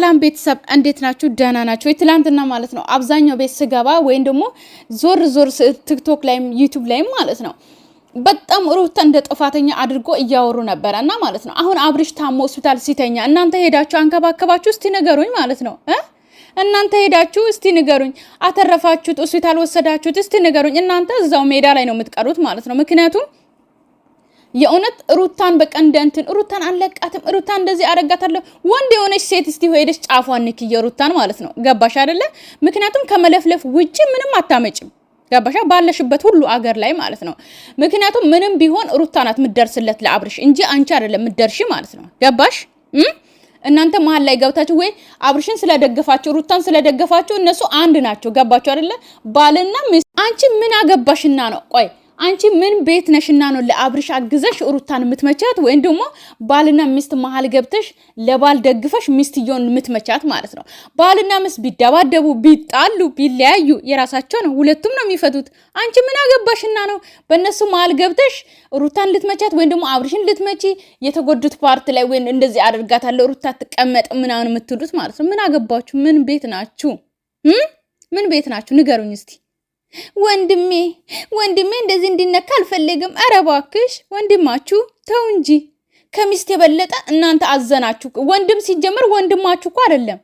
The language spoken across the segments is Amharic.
ሰላም ቤተሰብ እንዴት ናችሁ? ደህና ናቸው። ትላንትና ማለት ነው አብዛኛው ቤት ስገባ ወይም ደግሞ ዞር ዞር ቲክቶክ ላይም ዩቱብ ላይም ማለት ነው በጣም ሩታ እንደ ጥፋተኛ አድርጎ እያወሩ ነበረ እና ማለት ነው አሁን አብርሽ ታሞ ሆስፒታል ሲተኛ እናንተ ሄዳችሁ አንከባከባችሁ እስቲ ንገሩኝ ማለት ነው እ እናንተ ሄዳችሁ እስቲ ንገሩኝ። አተረፋችሁት? ሆስፒታል ወሰዳችሁት? እስቲ ንገሩኝ። እናንተ እዛው ሜዳ ላይ ነው የምትቀሩት ማለት ነው ምክንያቱም የእውነት ሩታን በቃ እንደ እንትን ሩታን አለቃትም። ሩታን እንደዚህ አረጋታለሁ። ወንድ የሆነች ሴት እስቲ ሄደች ጫፏን ንክ የሩታን ማለት ነው። ገባሽ አይደለ? ምክንያቱም ከመለፍለፍ ውጭ ምንም አታመጭም። ገባሻ? ባለሽበት ሁሉ አገር ላይ ማለት ነው። ምክንያቱም ምንም ቢሆን ሩታ ናት የምትደርስለት ለአብርሽ እንጂ አንቺ አይደለም የምትደርሺ ማለት ነው። ገባሽ? እናንተ መሀል ላይ ገብታችሁ ወይ አብርሽን ስለደገፋችሁ ሩታን ስለደገፋችሁ እነሱ አንድ ናቸው። ገባችሁ አይደለ? ባልና አንቺ ምን አገባሽና ነው ቆይ አንቺ ምን ቤት ነሽና ነው ለአብርሽ አግዘሽ ሩታን የምትመቻት? ወይም ደግሞ ባልና ሚስት መሀል ገብተሽ ለባል ደግፈሽ ሚስትየውን የምትመቻት ማለት ነው። ባልና ሚስት ቢደባደቡ፣ ቢጣሉ፣ ቢለያዩ የራሳቸው ነው፣ ሁለቱም ነው የሚፈቱት። አንቺ ምን አገባሽና ነው በእነሱ መሀል ገብተሽ ሩታን ልትመቻት ወይም ደግሞ አብርሽን ልትመቺ? የተጎዱት ፓርት ላይ ወይም እንደዚህ አደርጋታለሁ ሩታ ትቀመጥ ምናምን የምትሉት ማለት ነው። ምን አገባችሁ? ምን ቤት ናችሁ? ምን ቤት ናችሁ? ንገሩኝ እስቲ። ወንድሜ ወንድሜ እንደዚህ እንዲነካ አልፈልግም። ኧረ እባክሽ ወንድማችሁ ተው እንጂ ከሚስት የበለጠ እናንተ አዘናችሁ። ወንድም ሲጀምር ወንድማችሁ እኮ አይደለም።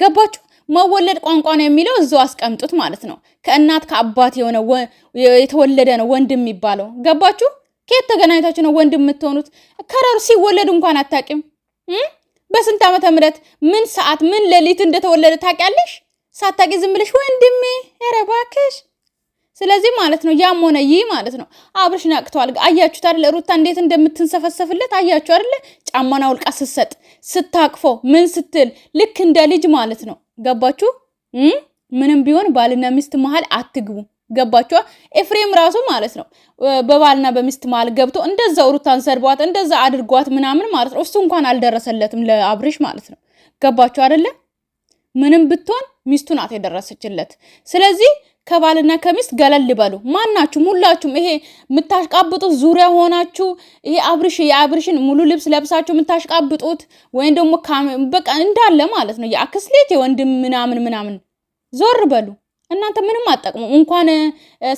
ገባችሁ? መወለድ ቋንቋ ነው የሚለው እዛው አስቀምጡት ማለት ነው። ከእናት ከአባት የሆነ የተወለደ ነው ወንድም የሚባለው። ገባችሁ? ከየት ተገናኝታችሁ ነው ወንድም የምትሆኑት? ከረሩ ሲወለድ እንኳን አታውቂም። በስንት ዓመተ ምህረት ምን ሰዓት ምን ሌሊት እንደተወለደ ታውቂያለሽ? ሳታውቂ ዝም ብለሽ ወንድሜ ኧረ እባክሽ ስለዚህ ማለት ነው ያም ሆነ ይህ ማለት ነው አብርሽ ናቅተዋል። አያችሁት አይደለ ሩታ እንዴት እንደምትንሰፈሰፍለት አያችሁ አይደለ? ጫማን አውልቃ ስትሰጥ ስታቅፎ ምን ስትል ልክ እንደ ልጅ ማለት ነው። ገባችሁ? ምንም ቢሆን ባልና ሚስት መሀል አትግቡ። ገባችኋ? ኤፍሬም ራሱ ማለት ነው በባልና በሚስት መሀል ገብቶ እንደዛ ሩታን ሰድቧት እንደዛ አድርጓት ምናምን ማለት ነው። እሱ እንኳን አልደረሰለትም ለአብርሽ ማለት ነው። ገባችሁ አይደለ? ምንም ብትሆን ሚስቱ ናት የደረሰችለት። ስለዚህ ከባልና ከሚስት ገለል በሉ። ማናችሁም ሁላችሁም ይሄ የምታሽቃብጡት ዙሪያ ሆናችሁ ይሄ አብርሽ የአብርሽን ሙሉ ልብስ ለብሳችሁ የምታሽቃብጡት ወይም ደግሞ በቃ እንዳለ ማለት ነው የአክስት ልጅ የወንድም ምናምን ምናምን ዞር በሉ። እናንተ ምንም አጠቅሙ። እንኳን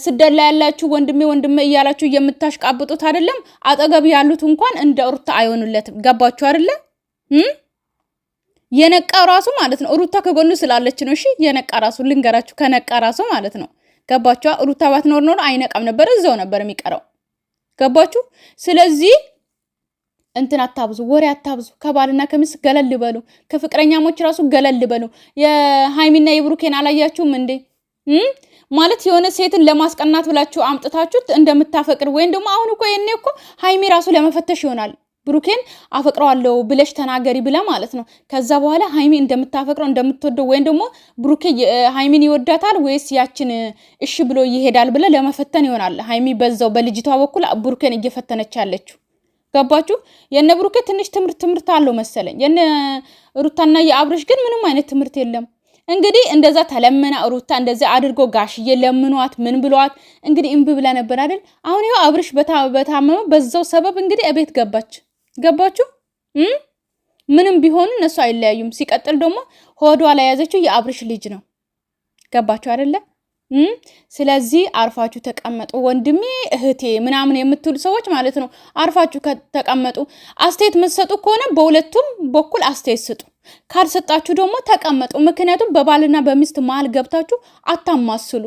ስደት ላይ ያላችሁ ወንድሜ ወንድሜ እያላችሁ የምታሽቃብጡት አይደለም፣ አጠገብ ያሉት እንኳን እንደ ሩታ አይሆኑለትም። ገባችሁ አይደለም? የነቃ ራሱ ማለት ነው። ሩታ ከጎኑ ስላለች ነው። እሺ የነቃ ራሱ ልንገራችሁ፣ ከነቃ ራሱ ማለት ነው። ገባችኋ? ሩታ ባትኖር ኖር አይነቃም ነበር፣ እዛው ነበር የሚቀረው። ገባችሁ? ስለዚህ እንትን አታብዙ፣ ወሬ አታብዙ። ከባልና ከሚስት ገለል በሉ፣ ከፍቅረኛሞች ራሱ ገለል በሉ። የሃይሚና የብሩኬን አላያችሁም እንዴ? ማለት የሆነ ሴትን ለማስቀናት ብላችሁ አምጥታችሁት እንደምታፈቅር ወይም ደግሞ አሁን እኮ የኔ እኮ ሃይሚ ራሱ ለመፈተሽ ይሆናል ብሩኬን አፈቅረዋለሁ ብለሽ ተናገሪ ብለ ማለት ነው። ከዛ በኋላ ሀይሚ እንደምታፈቅረው እንደምትወደው ወይም ደግሞ ብሩኬ ሀይሚን ይወዳታል ወይስ ያችን እሺ ብሎ ይሄዳል ብለ ለመፈተን ይሆናል። ሀይሚ በዛው በልጅቷ በኩል ብሩኬን እየፈተነች ያለችው ገባችሁ? የነ ብሩኬ ትንሽ ትምህርት ትምህርት አለው መሰለኝ። የነ ሩታና የአብረሽ ግን ምንም አይነት ትምህርት የለም። እንግዲህ እንደዛ ተለምና ሩታ እንደዚ አድርጎ ጋሽዬ ለምኗት ምን ብሏት እንግዲህ እምቢ ብላ ነበር አይደል? አሁን ይኸው አብርሽ በታመመ በዛው ሰበብ እንግዲህ እቤት ገባች። ገባችሁ? ምንም ቢሆኑ እነሱ አይለያዩም። ሲቀጥል ደግሞ ሆዷ ላይ ያዘችው የአብርሽ ልጅ ነው። ገባችሁ አይደለ? ስለዚህ አርፋችሁ ተቀመጡ ወንድሜ እህቴ ምናምን የምትሉ ሰዎች ማለት ነው። አርፋችሁ ተቀመጡ። አስተያየት የምትሰጡ ከሆነ በሁለቱም በኩል አስተያየት ስጡ። ካልሰጣችሁ ደግሞ ተቀመጡ። ምክንያቱም በባልና በሚስት መሀል ገብታችሁ አታማስሉ።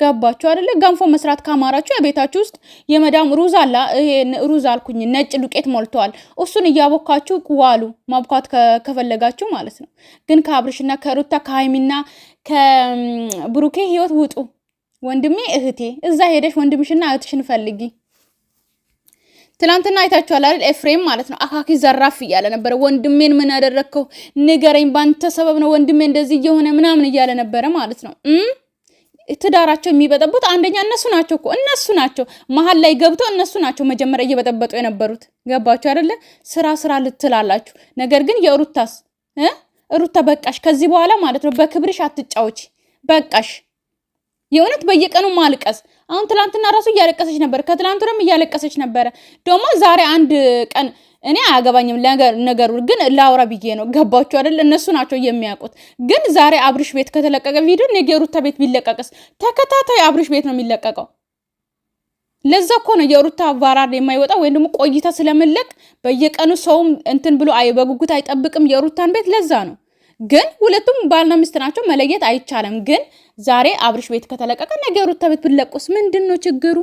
ገባችሁ አይደለ? ገንፎ መስራት ካማራችሁ የቤታችሁ ውስጥ የመዳም ሩዝ አላ ይሄን ሩዝ አልኩኝ፣ ነጭ ዱቄት ሞልተዋል። እሱን እያቦካችሁ ዋሉ። ማብኳት ከፈለጋችሁ ማለት ነው። ግን ከአብርሽና ከሩታ ከሀይሚና ከብሩኬ ህይወት ውጡ። ወንድሜ እህቴ፣ እዛ ሄደሽ ወንድምሽና እህትሽን ፈልጊ። ትላንትና አይታችኋል አይደል? ኤፍሬም ማለት ነው አካኪ ዘራፍ እያለ ነበረ። ወንድሜን ምን ያደረግከው ንገረኝ፣ ባንተ ሰበብ ነው ወንድሜ እንደዚህ እየሆነ ምናምን እያለ ነበረ ማለት ነው። ትዳራቸው የሚበጠቡት አንደኛ እነሱ ናቸው እኮ እነሱ ናቸው መሀል ላይ ገብተው እነሱ ናቸው መጀመሪያ እየበጠበጡ የነበሩት። ገባችሁ አይደለ? ስራ ስራ ልትላላችሁ። ነገር ግን የሩታስ ሩታ በቃሽ፣ ከዚህ በኋላ ማለት ነው በክብርሽ አትጫወች፣ በቃሽ የእውነት በየቀኑ ማልቀስ። አሁን ትላንትና ራሱ እያለቀሰች ነበር፣ ከትላንቱ ደግሞ እያለቀሰች ነበረ። ደግሞ ዛሬ አንድ ቀን እኔ አያገባኝም ነገሩ ግን ላውራ ብዬ ነው። ገባችሁ አይደል? እነሱ ናቸው የሚያውቁት። ግን ዛሬ አብርሽ ቤት ከተለቀቀ ቪዲዮ ነገ ሩታ ቤት ቢለቀቅስ? ተከታታይ አብርሽ ቤት ነው የሚለቀቀው። ለዛ እኮ ነው የሩታ ቫራር የማይወጣ ወይም ደግሞ ቆይታ ስለምለቅ በየቀኑ ሰውም እንትን ብሎ በጉጉት አይጠብቅም የሩታን ቤት። ለዛ ነው ግን ሁለቱም ባልና ሚስት ናቸው፣ መለየት አይቻልም። ግን ዛሬ አብርሽ ቤት ከተለቀቀ ነገሩ ተቤት ብለቁስ ምንድን ነው ችግሩ?